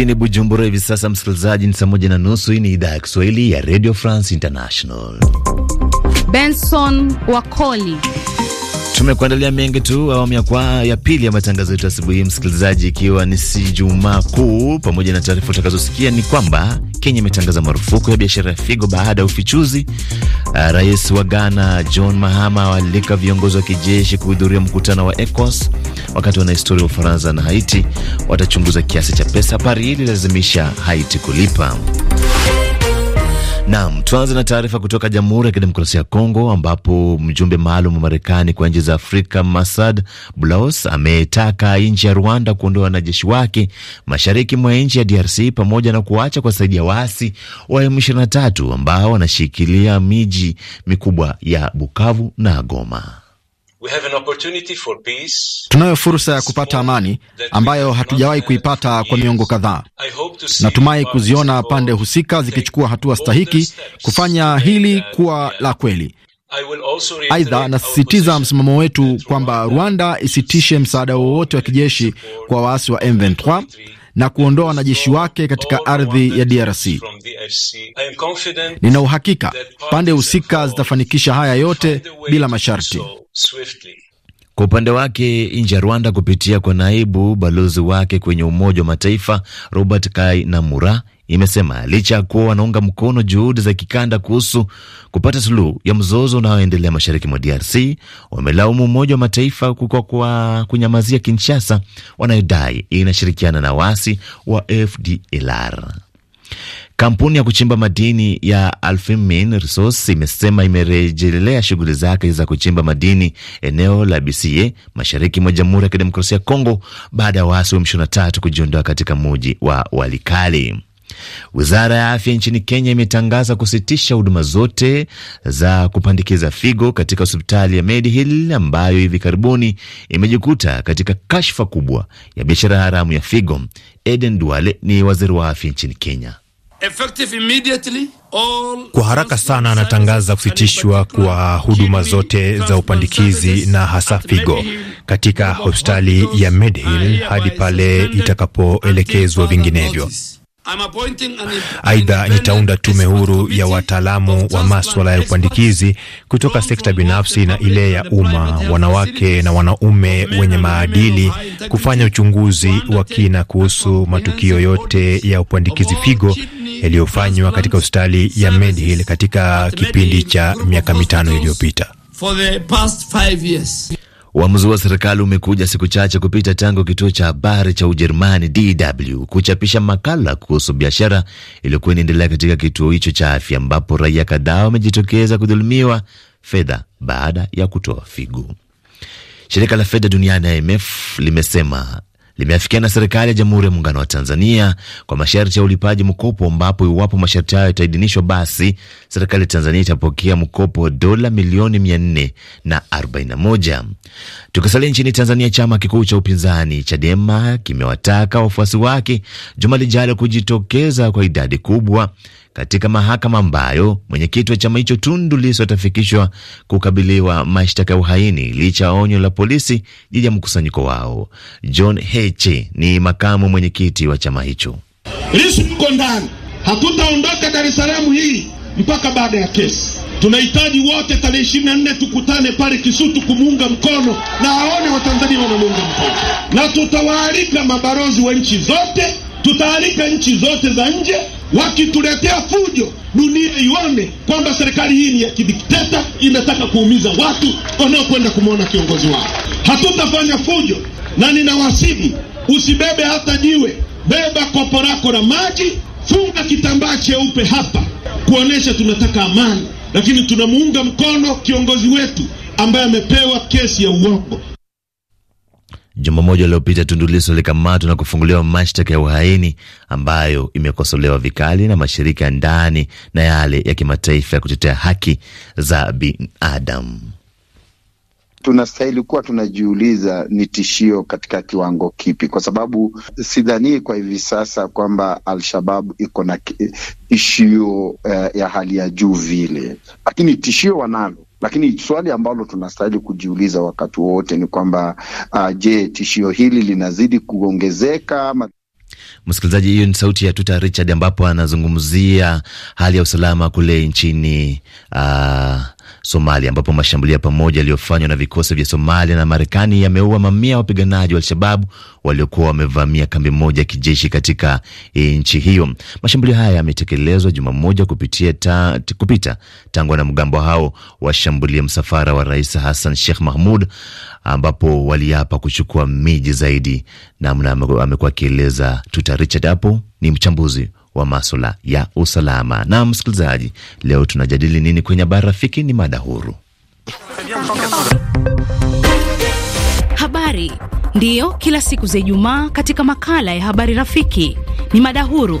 Mjini Bujumbura hivi sasa, msikilizaji, ni saa moja na nusu. Hii ni idhaa ya Kiswahili ya Radio France International. Benson Wakoli Tumekuandalia mengi tu awamu ya kwa ya pili ya matangazo yetu asubuhi hii, msikilizaji, ikiwa ni si Jumaa Kuu. Pamoja na taarifa utakazosikia ni kwamba Kenya imetangaza marufuku ya biashara ya figo baada ya ufichuzi. Ah, rais wa Ghana John Mahama awaalika viongozi wa kijeshi kuhudhuria mkutano wa ECOWAS, wakati wanahistoria wa Ufaransa na Haiti watachunguza kiasi cha pesa Paris ililazimisha Haiti kulipa. Naam, tuanze na taarifa kutoka Jamhuri ya Kidemokrasia ya Kongo ambapo mjumbe maalum wa Marekani kwa nchi za Afrika Masad Blaos ametaka nchi ya Rwanda kuondoa wanajeshi wake mashariki mwa nchi ya DRC pamoja na kuacha kuwasaidia waasi wa M23 ambao wanashikilia miji mikubwa ya Bukavu na Goma. Tunayo fursa ya kupata amani ambayo hatujawahi kuipata kwa miongo kadhaa. Natumai kuziona pande husika zikichukua hatua stahiki kufanya hili kuwa la kweli. Aidha, nasisitiza msimamo wetu kwamba Rwanda isitishe msaada wowote wa kijeshi kwa waasi wa M23 na kuondoa wanajeshi wake katika ardhi ya DRC. Nina uhakika pande husika zitafanikisha haya yote bila masharti. Kwa upande wake nje ya Rwanda kupitia kwa naibu balozi wake kwenye Umoja wa Mataifa Robert Kai Namura imesema licha ya kuwa wanaunga mkono juhudi za kikanda kuhusu kupata suluhu ya mzozo unaoendelea mashariki mwa DRC, wamelaumu Umoja wa Mataifa kwa kunyamazia Kinshasa, wanayodai inashirikiana na wasi wa FDLR. Kampuni ya kuchimba madini ya Alfemin imesema imerejelea shughuli zake za kuchimba madini eneo la Bisie mashariki mwa Jamhuri ya Kidemokrasia ya Kongo baada ya waasi wa M23 kujiondoa katika muji wa Walikale. Wizara ya afya nchini Kenya imetangaza kusitisha huduma zote za kupandikiza figo katika hospitali ya Mediheal ambayo hivi karibuni imejikuta katika kashfa kubwa ya biashara haramu ya figo. Eden Duale ni waziri wa afya nchini Kenya. Kwa haraka sana anatangaza kusitishwa kwa huduma zote za upandikizi na hasa figo katika hospitali ya medhill hadi pale itakapoelekezwa vinginevyo. Aidha, nitaunda tume huru ya wataalamu wa maswala ya upandikizi kutoka sekta binafsi na ile ya umma, wanawake na wanaume wenye maadili, kufanya uchunguzi wa kina kuhusu matukio yote ya upandikizi figo yaliyofanywa katika hospitali ya Medhill katika kipindi cha miaka mitano iliyopita. Uamuzi wa serikali umekuja siku chache kupita tangu kituo cha habari cha Ujerumani DW kuchapisha makala kuhusu biashara iliyokuwa inaendelea katika kituo hicho cha afya, ambapo raia kadhaa wamejitokeza kudhulumiwa fedha baada ya kutoa figo. Shirika la fedha duniani IMF limesema limeafikiana na serikali ya Jamhuri ya Muungano wa Tanzania kwa masharti ya ulipaji mkopo, ambapo iwapo masharti hayo yataidhinishwa, basi serikali ya Tanzania itapokea mkopo dola milioni 441. Tukisalia nchini Tanzania, chama kikuu cha upinzani Chadema kimewataka wafuasi wake juma lijalo kujitokeza kwa idadi kubwa katika mahakama ambayo mwenyekiti wa chama hicho Tundu Lissu atafikishwa kukabiliwa mashtaka ya uhaini licha ya onyo la polisi jiji ya mkusanyiko wao. John Heche ni makamu mwenyekiti wa chama hicho. Lissu mko ndani, hatutaondoka Dar es Salaam hii mpaka baada ya kesi. Tunahitaji wote tarehe ishirini na nne tukutane pale Kisutu kumuunga mkono na aone Watanzania wanamuunga mkono, na tutawaalika mabalozi wa nchi zote, tutaalika nchi zote za nje wakituletea fujo, dunia ione kwamba serikali hii ni ya kidikteta, inataka kuumiza watu wanaokwenda kumwona kiongozi wao. Hatutafanya fujo, na ninawasihi usibebe hata jiwe, beba kopo lako la maji, funga kitambaa cheupe hapa kuonesha tunataka amani, lakini tunamuunga mkono kiongozi wetu ambaye amepewa kesi ya uongo. Juma moja lililopita Tundu Lissu likamatwa na kufunguliwa mashtaka ya uhaini ambayo imekosolewa vikali na mashirika ya ndani na yale ya kimataifa ya kutetea haki za binadamu. Tunastahili kuwa tunajiuliza ni tishio katika kiwango kipi, kwa sababu sidhanii kwa hivi sasa kwamba al iko na tishio uh, ya hali ya juu vile, lakini tishio wanalo lakini swali ambalo tunastahili kujiuliza wakati wote ni kwamba uh, je, tishio hili linazidi kuongezeka ama Msikilizaji, hiyo ni sauti ya Tuta Richard ambapo anazungumzia hali ya usalama kule nchini uh, Somalia, ambapo mashambulio ya pamoja yaliyofanywa na vikosi vya Somalia na Marekani yameua mamia ya wapiganaji wa alshababu waliokuwa wamevamia kambi moja ya kijeshi katika e, nchi hiyo. Mashambulio haya yametekelezwa juma moja kupitia ta, kupita tangu wanamgambo hao washambulia msafara wa Rais Hassan Sheikh Mahmud, ambapo waliapa kuchukua miji zaidi, namna amekuwa akieleza Tuta Richard hapo ni mchambuzi wa maswala ya usalama. Na msikilizaji, leo tunajadili nini kwenye habari rafiki? Ni mada huru. Habari ndiyo kila siku za Ijumaa katika makala ya habari rafiki ni mada huru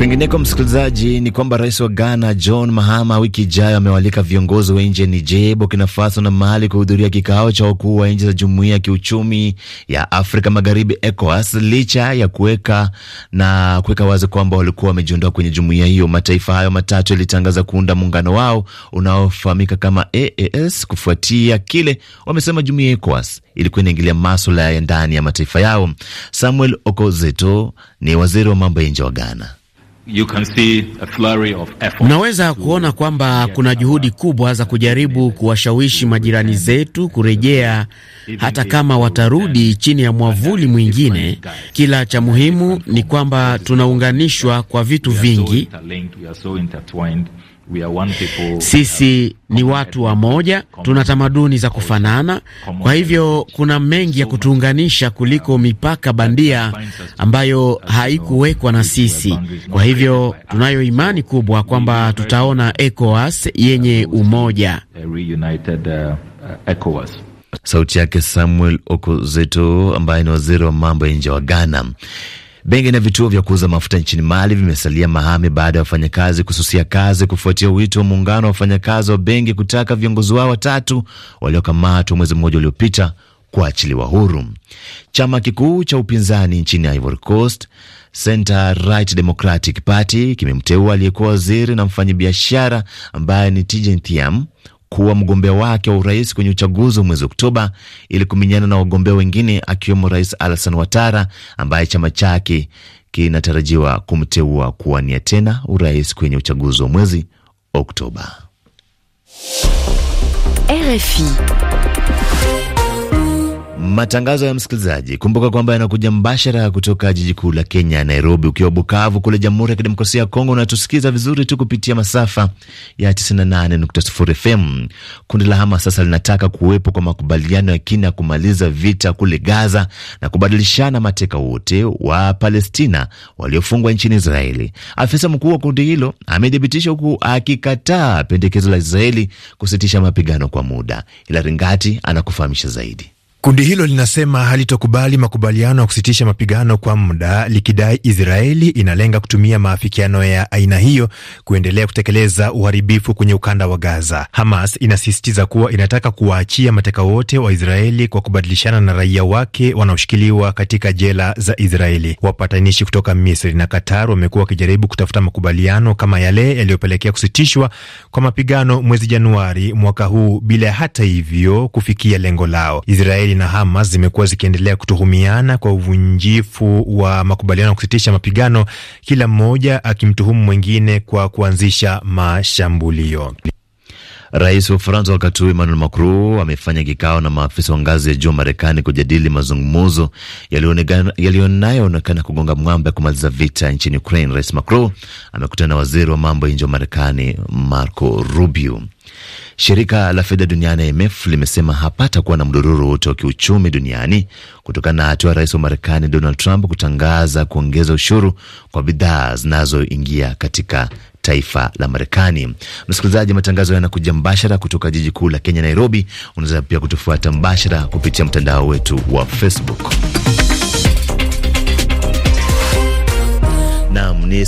Kwingineko msikilizaji, ni kwamba rais wa Ghana John Mahama wiki ijayo amewalika viongozi wa nje ya Niger, Burkina Faso na Mali kuhudhuria kikao cha wakuu wa nchi za jumuiya ya kiuchumi ya Afrika Magharibi, ECOWAS, licha ya kuweka na kuweka wazi kwamba walikuwa wamejiondoa kwenye jumuiya hiyo. Mataifa hayo matatu yalitangaza kuunda muungano wao unaofahamika kama AAS kufuatia kile wamesema jumuiya ya ECOWAS ilikuwa inaingilia maswala ya ndani ya mataifa yao. Samuel Okozeto ni waziri wa mambo ya nje wa Ghana. You can see a flurry of effort. Unaweza kuona kwamba kuna juhudi kubwa za kujaribu kuwashawishi majirani zetu kurejea, hata kama watarudi chini ya mwavuli mwingine. Kila cha muhimu ni kwamba tunaunganishwa kwa vitu vingi. Sisi ni watu wa moja, tuna tamaduni za kufanana. Kwa hivyo kuna mengi ya kutuunganisha kuliko mipaka bandia ambayo haikuwekwa na sisi. Kwa hivyo tunayo imani kubwa kwamba tutaona ECOWAS yenye umoja. Uh, Sauti yake Samuel Okozeto ambaye ni waziri wa mambo ya nje wa Ghana. Benki na vituo vya kuuza mafuta nchini Mali vimesalia mahame baada ya wafanyakazi kususia kazi kufuatia wito wa muungano wa wafanyakazi wa benki kutaka viongozi wao watatu waliokamatwa mwezi mmoja uliopita kuachiliwa huru. Chama kikuu cha upinzani nchini Ivory Coast Right Democratic Party kimemteua aliyekuwa waziri na mfanyabiashara ambaye ni Tidjane Thiam kuwa mgombea wake wa urais kwenye uchaguzi wa mwezi Oktoba ili kuminyana na wagombea wengine akiwemo Rais alasan watara ambaye chama chake kinatarajiwa kumteua kuwania tena urais kwenye uchaguzi wa mwezi Oktoba. RFI Matangazo ya msikilizaji, kumbuka kwamba yanakuja mbashara kutoka jiji kuu la Kenya, Nairobi. Ukiwa Bukavu kule Jamhuri ya Kidemokrasia ya Kongo, unatusikiza vizuri tu kupitia masafa ya 98.0 FM. Kundi la Hamas sasa linataka kuwepo kwa makubaliano ya kina ya kumaliza vita kule Gaza na kubadilishana mateka wote wa Palestina waliofungwa nchini Israeli. Afisa mkuu wa kundi hilo amethibitisha, huku akikataa pendekezo la Israeli kusitisha mapigano kwa muda. Ila Ringati anakufahamisha zaidi. Kundi hilo linasema halitokubali makubaliano ya kusitisha mapigano kwa muda, likidai Israeli inalenga kutumia maafikiano ya aina hiyo kuendelea kutekeleza uharibifu kwenye ukanda wa Gaza. Hamas inasisitiza kuwa inataka kuwaachia mateka wote wa Israeli kwa kubadilishana na raia wake wanaoshikiliwa katika jela za Israeli. Wapatanishi kutoka Misri na Qatar wamekuwa wakijaribu kutafuta makubaliano kama yale yaliyopelekea kusitishwa kwa mapigano mwezi Januari mwaka huu bila hata hivyo kufikia lengo lao. Israeli Israeli na Hamas zimekuwa zikiendelea kutuhumiana kwa uvunjifu wa makubaliano ya kusitisha mapigano, kila mmoja akimtuhumu mwingine kwa kuanzisha mashambulio. Rais wa Ufaransa wakati huu Emmanuel Macron amefanya kikao na maafisa wa ngazi ya juu Marekani kujadili mazungumzo yaliyonayoonekana kugonga mwamba ya kumaliza vita nchini Ukraine. Rais Macron amekutana na waziri wa mambo ya nje wa Marekani Marco Rubio. Shirika la fedha duniani IMF limesema hapatakuwa na mdororo wote wa kiuchumi duniani kutokana na hatua ya rais wa Marekani Donald Trump kutangaza kuongeza ushuru kwa bidhaa zinazoingia katika taifa la Marekani. Msikilizaji, matangazo yanakuja mbashara kutoka jiji kuu la Kenya, Nairobi. Unaweza pia kutufuata mbashara kupitia mtandao wetu wa Facebook. Naam, ni